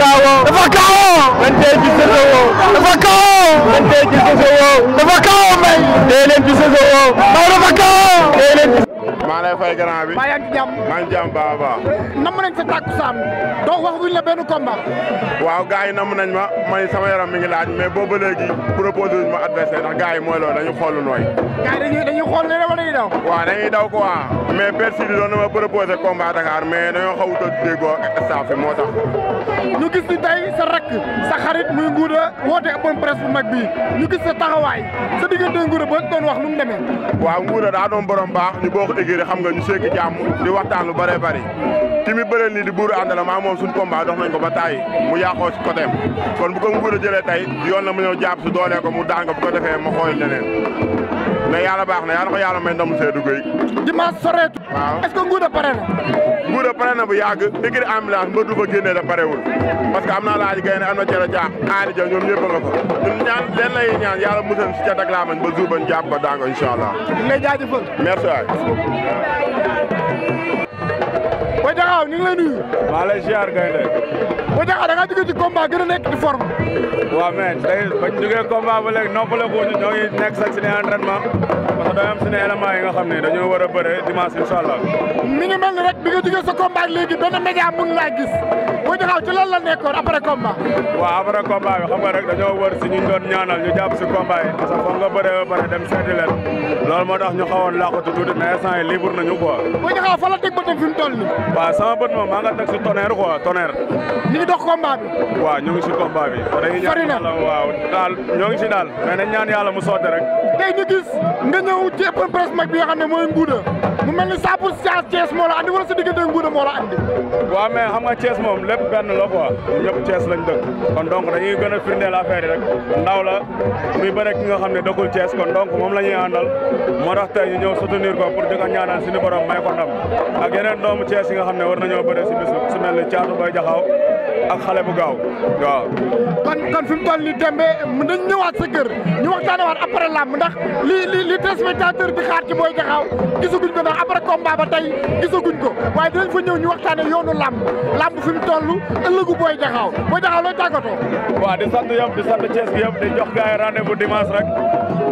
kawo dafa kawo man tey ji sa sa woo dafa kawo man tey ji sa sa woo dafa kawo may lay fay a bi. maa yaa ngi ci jàmm maa ngi jàmm a baax. namm nañ sa takkusaan doo wax wuñ la benn combat. waaw gars yi namm nañ ma may sama yaram mi ngi laaj mais boobu ba ma adversaire ndax gars yi mooy loolu dañu xool nooy. gars yi dañuy dañuy xool ne wala dañuy daw. waaw dañuy daw quoi mais persil bi doon na ma proposé combat Dakar mais dañoo xaw a déggoo staff bi moo tax. ñu gis ni tey sa rakk sa xarit muy Ngouda woote open press bu mag bii ñu gis sa taxawaay sa diggante Ngouda xam nga ñu seeki jàmm di waxtaan lu bëree bëri ki mi bëreel nii di buuru àndala maa moom suñu combat dox nañ ko ba tàyyi mu yàqoo si côté am kon bu ko nguur a jëlee tey yoon na mu ñëw jàpp si doolee ko mu daan ko bu ko defee ma xool leneen mais yàlla baax na yàlla ko yàlla may ndam Seydou Gueye. dimanche soreetu. waaw est-ce que Ngouda na. Ngouda pare na bu yàgg écurie ambulance mbër du fa génnee am na laaj gay ne am na cere jaax aari ja ñoom ñëpp a nga fa ñun ñaan leen lay ñaan yàlla musal si cat ak laa mañ ba jour bañ jàpp ko daango incha allah. ñu ngi lay jaajëfal. merci waay. Boy Boy Diakhar da ngaa jógee gën a nekk ci forme. waaw mais tey ba jógee combat ba léegi noppaleku ñu ñoo nekk sax suñu entraînement parce que dañoo am suñu éléments nga xam ne dañoo war a bëre dimanche incha allah. mi rek bi nga jógee sa combat léegi benn a mun laa gis. Boy Jaxaaw ci lan la nekkoon après combat. waaw après combat bi xam nga rek dañoo wër si ñu doon ñaanal ñu jàpp si combat yi parce que foog nga bëree ba pare dem seeti leen loolu moo tax ñu xawoon làqatu tuuti mais instant yi libre nañu quoi. Boy Jaxaaw fa la teg bëtam fi mu toll nii. sama bët moom maa nga teg si tonnerre quoi tonnerre. ñu dox combat bi. waaw ñu ngi si combat bi. sori na waaw daal ñoo ngi si daal mais nañ ñaan yàlla mu sotti rek. tey ñu gis nga ñëw ci open press mu mel ni 100 pour cent Thiès moo la andi wala sa diggante Ngouda moo la andi. waaw mais xam nga Thiès moom lépp benn la quoi ñëpp Thiès lañ dëkk kon donc dañuy gën a firndeel la yi rek ndaw la muy bëre nga xam ne dëkkul Thiès kon donc moom la ñuy àndal moo tax tey ñu ñëw soutenir ko pour di ko ñaanal suñu borom may ko ndam ak doomu Thiès yi nga xam ne war nañoo bëre si bis su mel ni Thiatou Boy Diakhaw ak xale bu gaaw waaw. kon kon fi mu toll nii Dembe mën nañ ñëwaat sa kër ñu waxtaanee waat après làmb ndax li li li téléspectateur di xaar ci Boy Jaxaaw gisaguñ ko ndax après combat ba tey gisaguñ ko waaye dinañ fa ñëw ñu waxtaanee yoonu làmb làmb fi mu toll ëllëgu Boy Jaxaaw Boy Jaxaaw looy tàggatoo. waaw di sant yëpp di sant Thiès bi yëpp di jox gars yi rendez-vous dimanche rek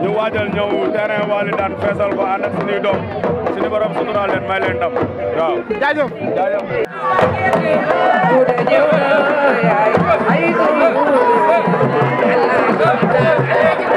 ñu waajal ñëw terrain Wally daan feesal ko ànd ak suñuy doom suñu borom suturaal leen may Thank you.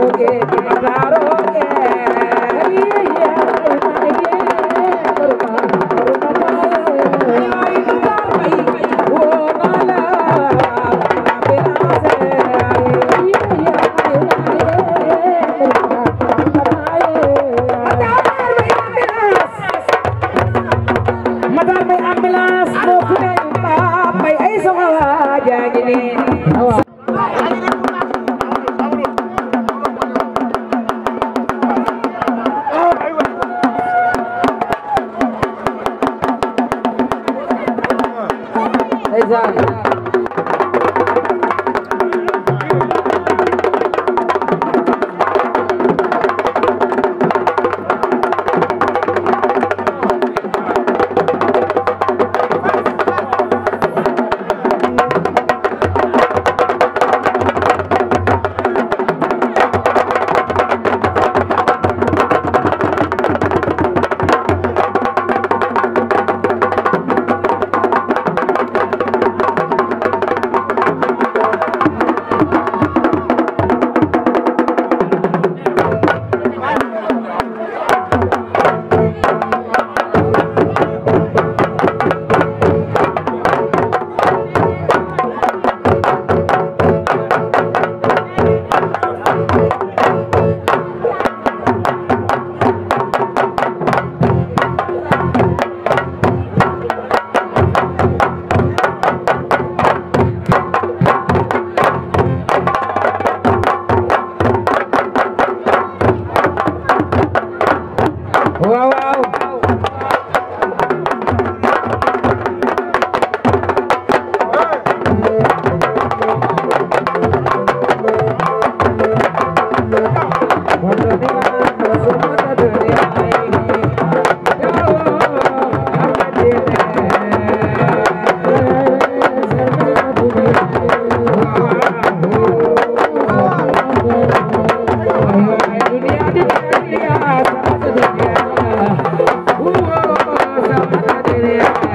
ಹೋಗೇ Yeah.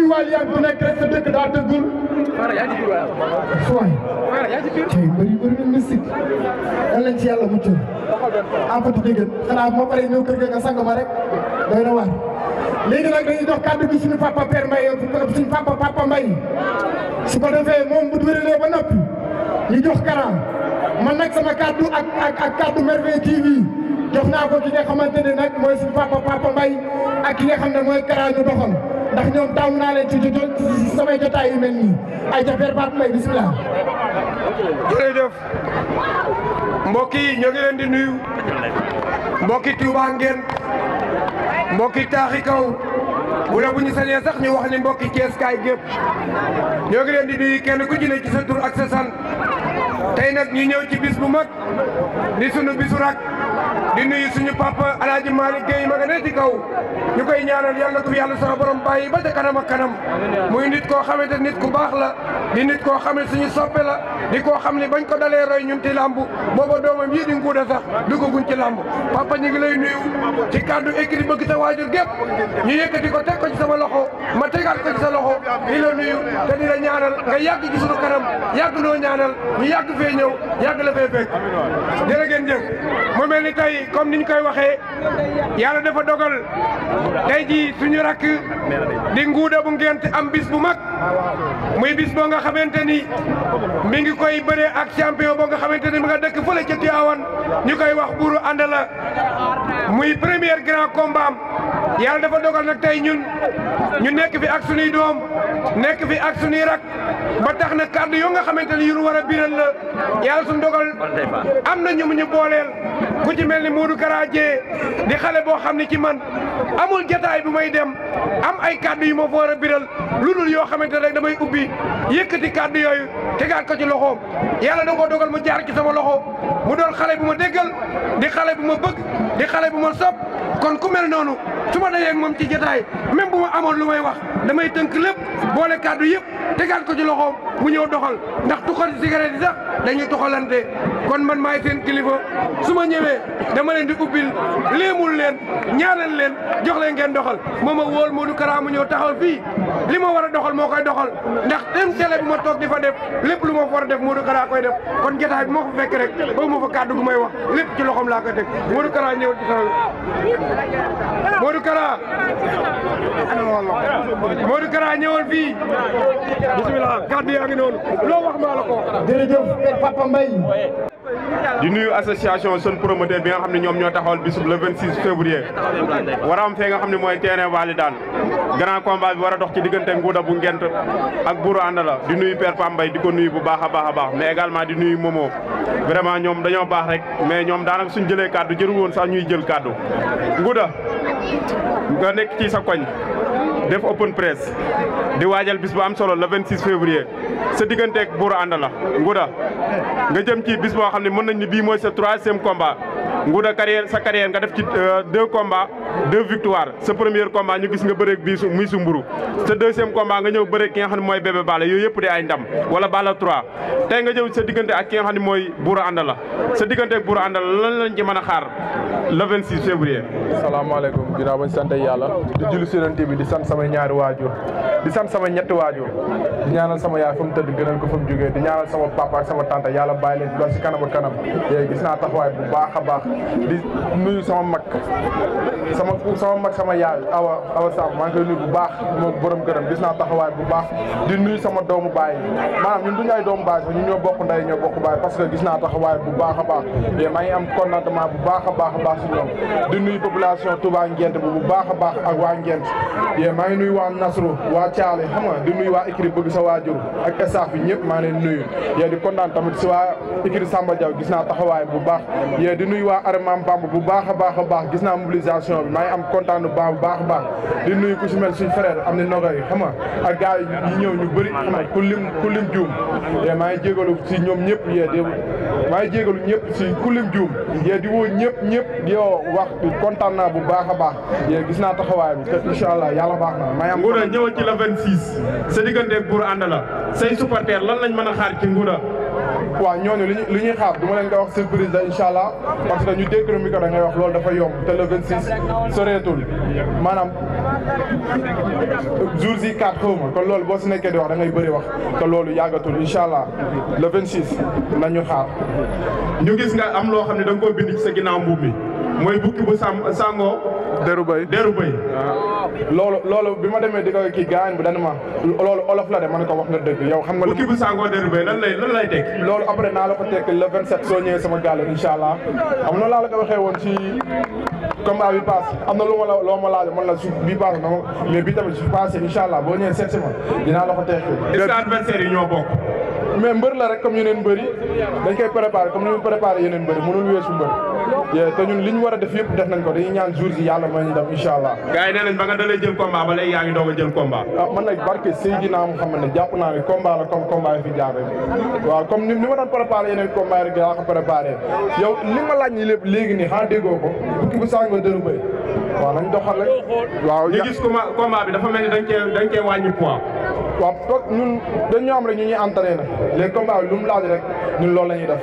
kuy waay yar bu nekk rek sa dëkk daa tëggul. waaye. tey bëri bëri na mystique. lan lañ ci yàlla muccal. en fait dégg nga xanaa moo paree ñëw kër ga nga sang ma rek doy na waar. léegi nag dañuy dox kàddu gi suñu papa père Mbaye suñu papa papa Mbaye su ko defee moom bu dëgëralee ba noppi ñu jox Kara man nag sama kàddu ak ak ak kàddu Merveille TV jox naa ko ki nga xamante ne nag mooy suñu papa papa Mbaye ak ki nga xam ne mooy Kara ñu doxal. ndax ñoom taamu naa leen ci ci samay jotaay yu mel nii ay jafeer baat may bisimilah. jërëjëf mbokk yi ñoo ngi leen di nuyu mbokki Touba ngeen mbokki taaxi kaw wala bu ñu sañee sax ñu wax ni mbokki Cees kaay gépp ñoo ngi leen di nuyu kenn ku ci ci sa tur ak sa sant tey nag ñu ñëw ci bis bu mag di sunu bisu rak di nuyu suñu papa El Hadj Malick Guèye ma nga ne ci kaw ñu koy ñaanal yal na ko fi yàlla sama borom bàyyi ba ca kanam ak kanam muy nit koo xamante nit ku baax la di nit koo xam ne suñu soppe la di koo xam ne bañ ko dalee roy ñun ci làmb booba doomam yii di nguuda sax duggaguñ ci làmb papa ñu ngi lay nuyu ci kàddu écrit bëgg sa waajur gépp ñu yëkkati ko teg ko ci sama loxo ma tegaat ko ci sa loxo di la nuyu te di ñaanal nga yàgg ci suñu kanam yàgg noo ñaanal ñu yàgg fee ñëw yàgg la fee fekk jërë ngeen jëf mu mel ni tey comme ni ñu koy waxee yàlla dafa dogal tey jii suñu rakk di nguuda bu ngeen am bu mag muy bis boo nga xamante ni mi ngi koy bëre ak champion boo nga xamante ni mi nga dëkk fële ca Tivaouane ñu koy wax buuru àndala muy premier grand combat am yàlla dafa dogal nag tey ñun ñu nekk fi ak sunuy doom nekk fi ak sunuy rak ba tax na kàddu yoo nga xamante ni yu ñu war a biral la yàlla suñu dogal am na ñu mu ñu booleel ku ci mel ni Modou Karaje di xale boo xam ne ci man amul jataay bu may dem. am ay kàddu yu ma fa war a biral lu dul yoo xamante rek damay ubbi yëkkati kàddu yooyu tegaat ko ci loxoom yàlla da ko dogal mu jaar ci sama loxo mu doon xale bu ma déggal di xale bu ma bëgg di xale bu ma sopp kon ku mel noonu su ma dajee ak moom ci jotaay même bu ma amoon lu may wax damay tënk lépp boole kàddu yëpp tegaat ko ci loxoom mu ñëw doxal ndax tuxal cigarette yi sax dañuy tuxalante kon man maay seen kilifa su ma ñëwee dama leen di ubbil léemul leen ñaanal leen jox leen ngeen doxal moo ma wóol Modou Kara mu ñëw taxaw fii li ma war a doxal moo koy doxal ndax même télé bi ma toog di fa def lépp lu ma war a def Modou Kara koy def kon jotaay bi moo ko fekk rek ba ma fa kàddu gu may wax lépp ci laa koy teg Modou Kara ñëw ci Modou Kara Modou Kara ñëwal fii bismillah kàddu yaa ngi noonu loo wax maa la ko jërëjëf Papa Mbaye di nuyu association jeune promoteur bi nga xam ne ñoom ñoo taxool bisub le 26 février a fee nga xam ne mooy terrain Walidane grand combat bi war a dox ci diggante Ngouda bu Ngent ak Bourou Andala di nuyu Père Pambay di ko nuyu bu baax a baax a baax mais également di nuyu Momo vraiment ñoom dañoo baax rek mais ñoom daanaka suñ jëlee kàddu jëru woon sax ñuy jël kàddu Ngouda nga nekk ci sa koñ def open press di wajal bis bu am solo le 26 février sa digganteeg ak bour andala Ngouda nga jëm ci bis bo xamni mën nañ ni bi moy sa 3e combat Ngouda carrière sa carrière nga def ci euh, deux combat deux victoires sa premier combat ñu gis nga bëreeg bi muy su mburu sa 2e combat nga ñëw bëreeg ki nga xamni moy bébé Balla yooyu yëpp di ay ndam wala Balla 3 tay nga jëw sa diggante ak ki nga xamni moy bour andala sa lan lañ ci mëna xaar le 26 février. assalamu alaykum ginnaaw bañ sant yalla di julli si bi di sant sama ñaari wajur di sant sama ñett wajur di ñaanal sama yaay fam teud gënal ko fam mu di ñaanal sama papa ak sama tante yalla bay leen lool ci kanam ak kanam yooyu gis na taxawaay bu baaxa baax di nuyu sama mak sama ku sama mak sama yaay awa awa sa ma ngi nuyu bu baax mo borom këram gis na taxawaay bu baax di nuyu sama doomu baay manam ñun du ñay doomu baay sax ñun ñoo bokk nday ñoo bokk baay parce que gis na taxawaay bu baax a baax maa ngi am contentement bu baaxa baax baax si di nuyu population Touba Ngent bu bu baax a baax ak waa Ngent yee maa ngi nuyu waa Nasru waa Thialé xam nga di nuyu waa écrit bëgg sa waajur ak staff bi ñëpp maa ngi leen nuyu yee di kontaan tamit si waa écrit Samba Diaw gis naa taxawaay bu baax yee di nuyu waa Armam Bamba bu baax a baax baax gis naa mobilisation bi maa ngi am kontaan bu baax bu baax a baax di nuy ku si mel suñu frère am na nogay xam nga ak gars yi ñëw ñu bëri xam nga ku lim ku lim juum yee maa ngi si ñoom ñëpp yee di maa ñëpp si ku lim woo ñëpp ñëpp Yo wax kontaan naa bu baax a baax gis naa taxawaay bi te incha allah yàlla baax na. maa ngi Ngouda ñëwal ci la 26 sa digganteeg Bour ànd la say supporters lan lañ mën a xaar ci Ngouda. waaw ñooñu li ñuy xaar du leen koy wax surprise la incha allah parce que ñu dégg lu micro da ngay wax loolu dafa yomb te le 26 soreetul maanaam jours yi 4 xaw ma kon loolu boo si nekkee di wax da ngay bëri wax te loolu yàggatul incha allah le 26 nañu xaar. ñu gis nga am loo xam ne da nga koo bind ci sa ginnaaw mbuub mi. mooy bukki bu sàmm sàngoo. deru bay deru bay. Ah. loolu loolu bi ma demee di ko kii gaañ bu dana ma loolu olof la de man ko wax nga dëgg yow xam nga. bukki bu sàngoo deru bay lan lay lan lay loolu après naa la ko teg le 27 soo ñëwee sama gaal incha allah am na laa la ko waxee woon ci combat bi paas am na lu ma la loo ma laaj man la su bi paas na mais bi tamit su paasee incha allah boo ñëwee seet si ma dinaa la ko teg. est-ce que yi ñoo bokk. mais mbër la rek comme yeneen mbër yi dañ koy préparé comme ni mu préparé yeneen mbër yi mënul weesu mbër te ñun li ñu war a def yëpp def nañ ko dañuy ñaan jours yi yàlla ñu dem incha allah gars yi nee nañ ba nga dalee jël yaa ngi doog a jël combat waaw ah, man nag barke Seydina Mouhamed ne jàpp naa ne combat la comme combat yi fi jaar rek ni ma doon yi rek yaa ko préparé yow li ma laaj ñi lépp léegi nii xanaa déggoo ko fukki waaw nañ doxal rek waaw toog ñun dañu am rek ñu ñuy entraîné les combats lu mu laaj rek ñun loolu la ñuy def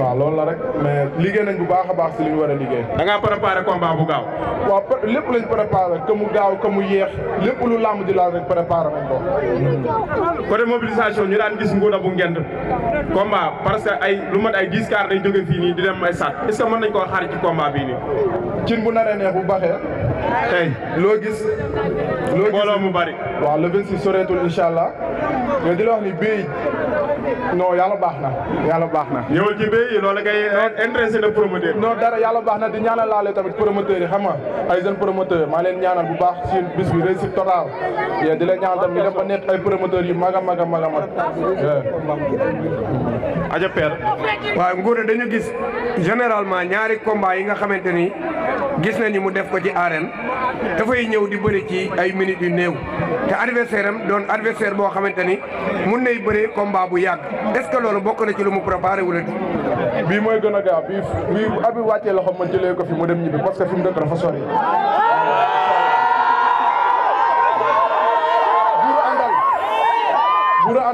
waaw loolu la rek mais liggéey nañ bu baax a baax si li ñu war a liggéey. da ngaa préparé combat bu gaaw. waaw lépp lañ préparé que mu gaaw que mu yéex lépp lu làmb di laaj rek préparé nañ ko. Hmm. côté mobilisation ñu daan gis nguur bu ngend combat parce que ay lu mat ay dix quarts day jóge fii nii di dem ay sat est ce que mën nañ koo xaar ci combat bii nii. cin bu naree neex bu baxee. tey loo gis. loo gis mbooloo mu bari. waaw le 26 soreetul incha allah mais di la wax ni bii non yàlla baax na yàlla baax na. ñëwal ci bii loolu kay intéressé na promoteur. non dara yàlla baax na di ñaanal laale tamit promoteurs yi xam nga ay jeunes promoteurs maa leen ñaanal bu baax si bis bi réussite totale. di leen ñaanal tamit dafa nekk ay promoteurs yu mag a mag a mag a mag. aja père. waaw Ngouda dañu gis généralement ñaari combat yi nga xamante ni. gis ni mu def ko ci arène dafay ñëw di bëri kii ay minutes yu néew te adversaire am doon adversaire boo xamante ni mun nay bëri combat bu yàgg est-ce bokk na ci lu mu préparé wala di bii mooy gën a gaaw bii bii abi wàccee loxo ma jëlee ko fi mu dem ñibbi parce que fi mu dëkk dafa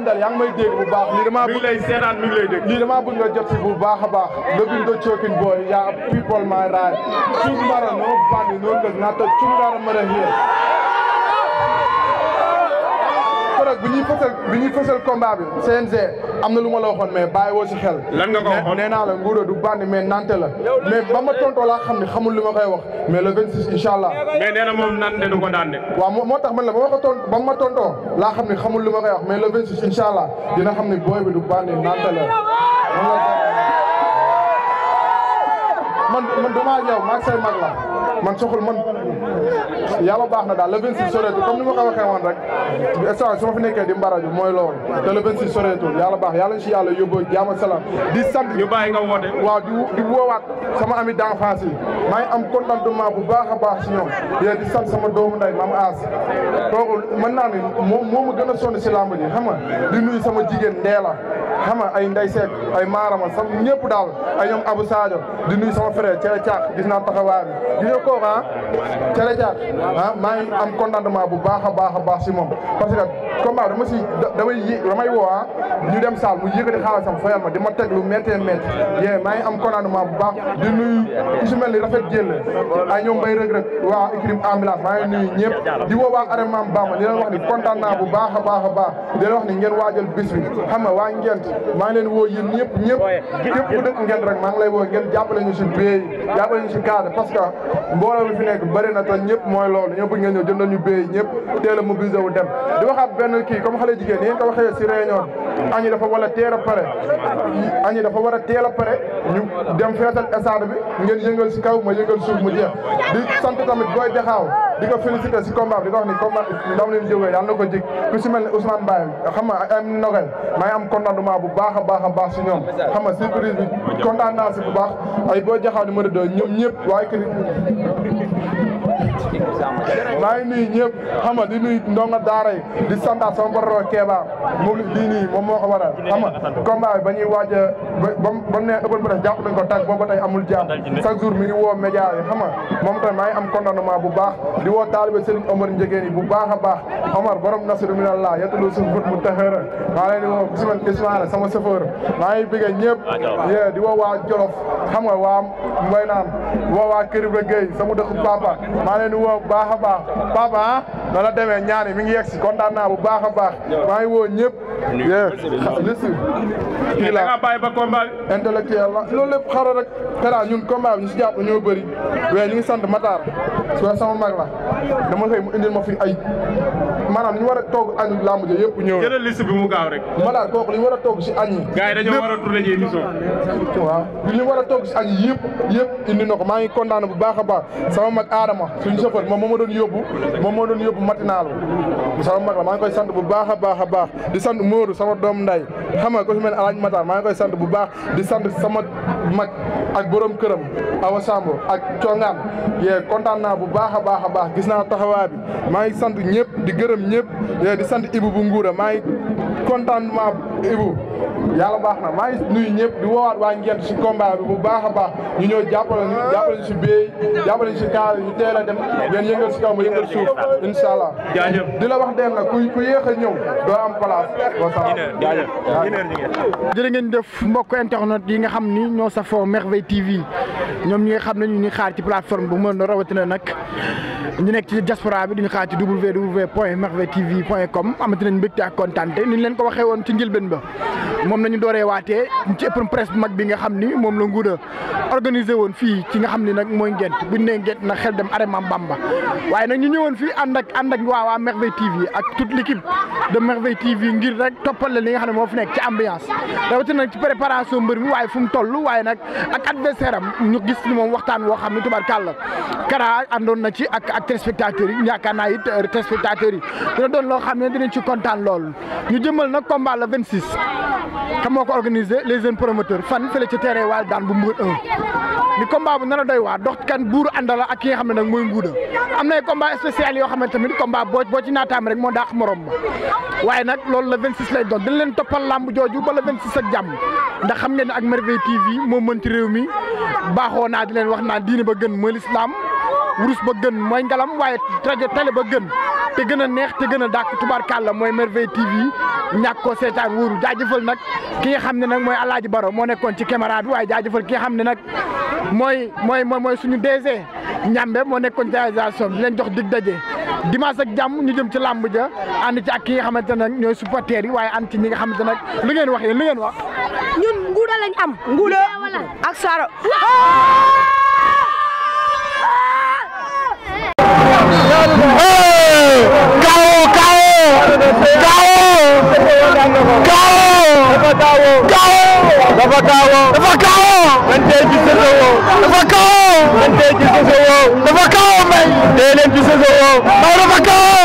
àndal yaa ngi may dégg bu baax lii damaa bëgg lay seetaan mi ngi lay dégg lii damaa bëgg nga jot si bu baax baax le ah. bindo chokin boy ya people my right chungmara no bani no does not chungmara mara here bu ñuy fësal bu ñuy fësal combat bi am na lu ma la waxoon mais bàyyi woo si xel. lan nga ko waxoon la Ngouda du bandi mais nante la mais ba ma tontoo laa xam ne xamul li ma koy wax mais le 26 incha allah. mais nee na moom nante du ko daan de. waaw moo tax man la ba ma ko tont ma ma koy wax mais le 26 incha dina xam ne booy bi du bandi nante la. man man damaa ñëw maa say mag la man soxul man. yàlla baax na daal le 26 soreetul comme ni ma ko waxee rek instant su fi nekkee di mbaraju mooy loolu te le 26 soreetul yàlla baax yàlla si yàlla yóbbu jaam ak di sant ñu bàyyi nga woote waaw di di woowaat sama ami d'enfance yi maa ngi am contentement bu baax a baax si ñoom yéen di sant sama doomu nday maam aas kooku mën naa ne moom moo ma gën a sonn si làmb ji xam nga di nuyu sama jigéen Ndeela xama ay nday ay maarama sam ñëpp daal ay ñoom Abou Sadio di nuyu sama frère Thiel Thiak gis naa taxawaay bi gis nga kooku ah Thiel Thiak ah, maa ngi am contentement bu baax a baax a baax si moom parce que combat dama si damay yé damay woo ah ñu dem saal mu yëkkati xaalisam fayal ma di ma teg lu méttee métti yee maa ngi am contentement bu baax di nuyu ku si mel ni rafet jël ay ñoom bay rëg-rëg waa écrim ambulance maa ngi nuyu ñëpp di woo waa arrêtement Bamba di leen wax ni kontaan naa bu baax a baax a baax di leen wax ni ngeen waajal bis waa ngent maa ngi leen woo yéen ñëpp ñëpp képp ku dëkk ngeen rek maa ngi ngeen jàppale ñu si béy jàppale ñu si cadre parce que mbooloo fi nekk bëri na te ñëpp mooy loolu ñëpp ngeen ñëw jëndal ñu béy ñëpp teel a mobilisé wu dem di waxaat benn kii comme xale jigéen yéen ko waxee si réunion añi dafa war a teel a pare a teel a dem feetal estade bi ngeen yëngal si kaw ma yëngal suuf mu jeex di sant tamit booy jaxaaw di ko félicité si combat di ko wax ni combat ndam leen jógee yàlla na bu baax a baax a baax si ñoom xam nga surprise bi kontaan naa si bu baax ay boo jaxaw numéro 2 ñoom ñëpp waaye kër maa ngi nuyu ñëpp xam nga di nuyu ndonga daara yi di santaat sama bororo Kéba moom lii nii moom moo a waral xam nga combat bi ba ñuy waaj a ba ba mu ne a ba def jàpp nañ ko tàgg boobu ba tey amul jàmm chaque jour mi ngi woo média yi xam nga moom tamit maa am condamnement bu baax di woo taalibe Serigne Omar Njegéen yi bu baax a baax Omar borom nasiru minallah yetulu suñ gut mu taxëra maa leen di woo bisimilah sama chauffeur maa ngi bëggee ñëpp ah, yee di woo waa Jolof xam nga waa Mboy naan di waa Kër Ibra Gueye sama dëkk papa maa leen di woo bu baax a baax papa ah na la demee ñaani mi ngi yegg si kontaan naa bu baax a baax maa ngi woo ñëpp yee liste kii la nga bàyyi ba combat intellectuel la loolu lépp xaro rek tera ñun combat bi ñu si jàpp ñoo bëri waaye ñu ngi sant Matar su sama mag la dama xëy mu indil ma fi ay maanaam ñu war a toog añu lamb ja yëpp ñëw jëlal liste bi mu gaaw rek Matar li ñu war a toog togg si añ yi. gars yi a tourné ji émission. waaw na ko maa ngi kontaan bu baax a baax sama mag Adama suñu chauffeur moom moo ma doon yóbbu moom moo doon yóbbu matinal sama mag la maa ngi koy sant bu baax a baax a baax di sant Moodu sama doom nday xam nga ko su mel ne Alaaji Matar maa ngi koy sant bu baax di sant sama mag ak borom këram Awa Samb ak Congaan yee kontaan naa bu baax a baax a baax gis naa taxawaay bi maa ngi sant ñëpp di gërëm ñëpp di sant Ibu bu Nguura maa ngi kontaan maa Ibou yàlla baax na maa ngi nuyu di woowaat waa Ngent si combat bi bu baax a baax ñu ñëw jàppale ñu jàppale ñu si béy jàppale ñu si kaar ñu teel a dem ngeen yëngal si kaw ma yëngal suuf incha allah. jaajëf di la wax dem na ku ku yéex a ñëw doo am place. wasalaam jaajëf jërë ngeen def mbokk internet yi nga xam ni ñoo safoo Merveille TV ñoom ñi nga xam ne ñu ngi xaar ci plateforme bu mën na rawatina nag ñu nekk ci diaspora bi duñu xaar ci www point merveille tv point com amati nañ mbégte ak kontaan te leen ko waxee woon ci njëlbeen Ngouda moom la ñu dooree waatee ci ëpp presse mag bi nga xam ni moom la Ngouda organisé woon fii ci nga xam ni nag mooy ngent bu nee ngent na xel dem Arema Bamba waaye nag ñu ñëwoon fii ànd ak ànd ak waa waa Merveille TV ak toute l'équipe de Merveille TV ngir rek toppal li nga xam ne moo fi nekk ci ambiance rawatina nag ci préparation mbër mi waaye fu mu toll waaye nag ak adversaire am ñu gis ni moom waxtaan woo xam ne tubaarkàlla Kara àndoon na ci ak ak téléspectateurs yi yaakaar naa it téléspectateurs yi dina doon loo xam ne dinañ ci kontaan lool ñu jëmal nag combat la 2010 ko organisé les jeunes promoteurs fan fële ci terrain Wally Daan bu Mbour 1 ni combat bu nar doy waar dox kan buuru àndala ak ki nga xam ne nag mooy mbuuda am na ay combat yoo xam ne tamit combat boo boo ci naataam rek moo daax morom ma waaye nag loolu la 26 lay doon dina leen toppal làmb jooju ba la 26 ak jàmm ndax xam ngeen ne ak Merveille TV moo mën réew mi baaxoo naa di leen wax naa diine ba gën mooy lislaam wurus ba gën mooy ngalam waaye rajo télé ba gën te gën a neex te gën a dàkk tubaarkàlla mooy Merveille TV ñàkk koo seetaan wóoru jaajëfal nag ki xam ne nag mooy Alaaji Baro moo nekkoon ci caméra waaye jaajëfal ki nga xam ne nag mooy mooy mooy suñu DG ñambe moo nekkoon ci réalisation bi leen jox dig daje dimanche ak jàmm ñu jëm ci làmb ja ànd ci ak ki nga xamante nag ñooy supporters yi waaye ànd ci ñi nga xamante nag lu ngeen wax yéen lu ngeen wax ñun nguuda lañ am nguuda ak saro Kaawo Kaawo dafa Kaawo dafa Kaawo man tey ci Soso woo dafa Kaawo man tey ci Soso woo dafa Kaawo may tey leen ci Soso woo dafa Kaawo